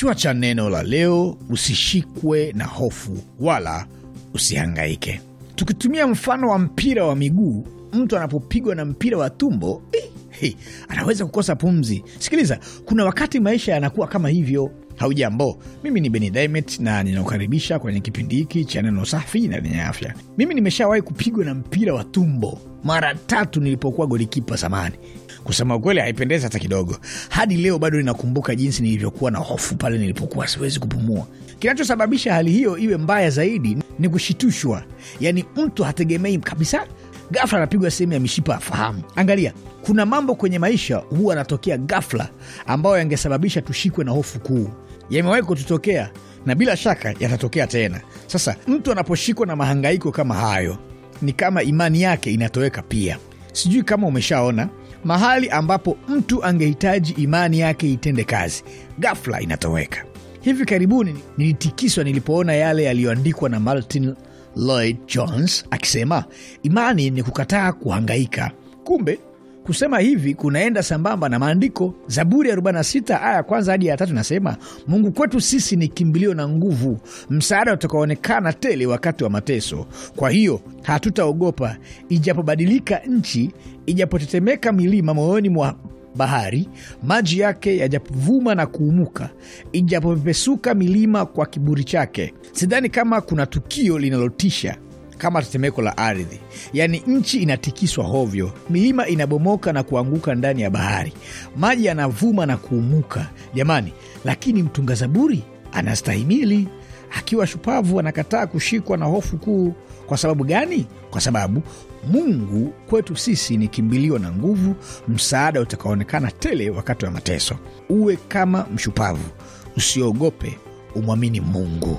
Kichwa cha neno la leo: usishikwe na hofu wala usihangaike. Tukitumia mfano wa mpira wa miguu, mtu anapopigwa na mpira wa tumbo hi, eh, hi, eh, anaweza kukosa pumzi. Sikiliza, kuna wakati maisha yanakuwa kama hivyo. Haujambo, mimi ni Beni Dimet na ninakukaribisha kwenye kipindi hiki cha neno safi na lenye afya. Mimi nimeshawahi kupigwa na mpira wa tumbo mara tatu nilipokuwa golikipa zamani. Kusema ukweli, haipendezi hata kidogo. Hadi leo bado ninakumbuka jinsi nilivyokuwa na hofu pale nilipokuwa siwezi kupumua. Kinachosababisha hali hiyo iwe mbaya zaidi ni kushitushwa, yaani mtu hategemei kabisa, gafla anapigwa sehemu ya mishipa afahamu. Angalia, kuna mambo kwenye maisha huwa anatokea gafla ambayo yangesababisha tushikwe na hofu kuu. Yamewahi kututokea na bila shaka yatatokea tena. Sasa mtu anaposhikwa na mahangaiko kama hayo ni kama imani yake inatoweka pia. Sijui kama umeshaona mahali ambapo mtu angehitaji imani yake itende kazi, ghafla inatoweka. Hivi karibuni nilitikiswa nilipoona yale yaliyoandikwa na Martin Lloyd Jones akisema imani ni kukataa kuhangaika. Kumbe Kusema hivi kunaenda sambamba na maandiko. Zaburi ya 46 aya kwanza hadi ya tatu nasema, Mungu kwetu sisi ni kimbilio na nguvu, msaada utakaonekana tele wakati wa mateso. Kwa hiyo hatutaogopa, ijapobadilika nchi, ijapotetemeka milima, moyoni mwa bahari maji yake yajapovuma na kuumuka, ijapopepesuka milima kwa kiburi chake. Sidhani kama kuna tukio linalotisha kama tetemeko la ardhi. Yaani nchi inatikiswa hovyo, milima inabomoka na kuanguka ndani ya bahari, maji yanavuma na kuumuka. Jamani, lakini mtunga zaburi anastahimili akiwa shupavu, anakataa kushikwa na hofu kuu. Kwa sababu gani? Kwa sababu Mungu kwetu sisi ni kimbilio na nguvu, msaada utakaonekana tele wakati wa mateso. Uwe kama mshupavu, usiogope, umwamini Mungu.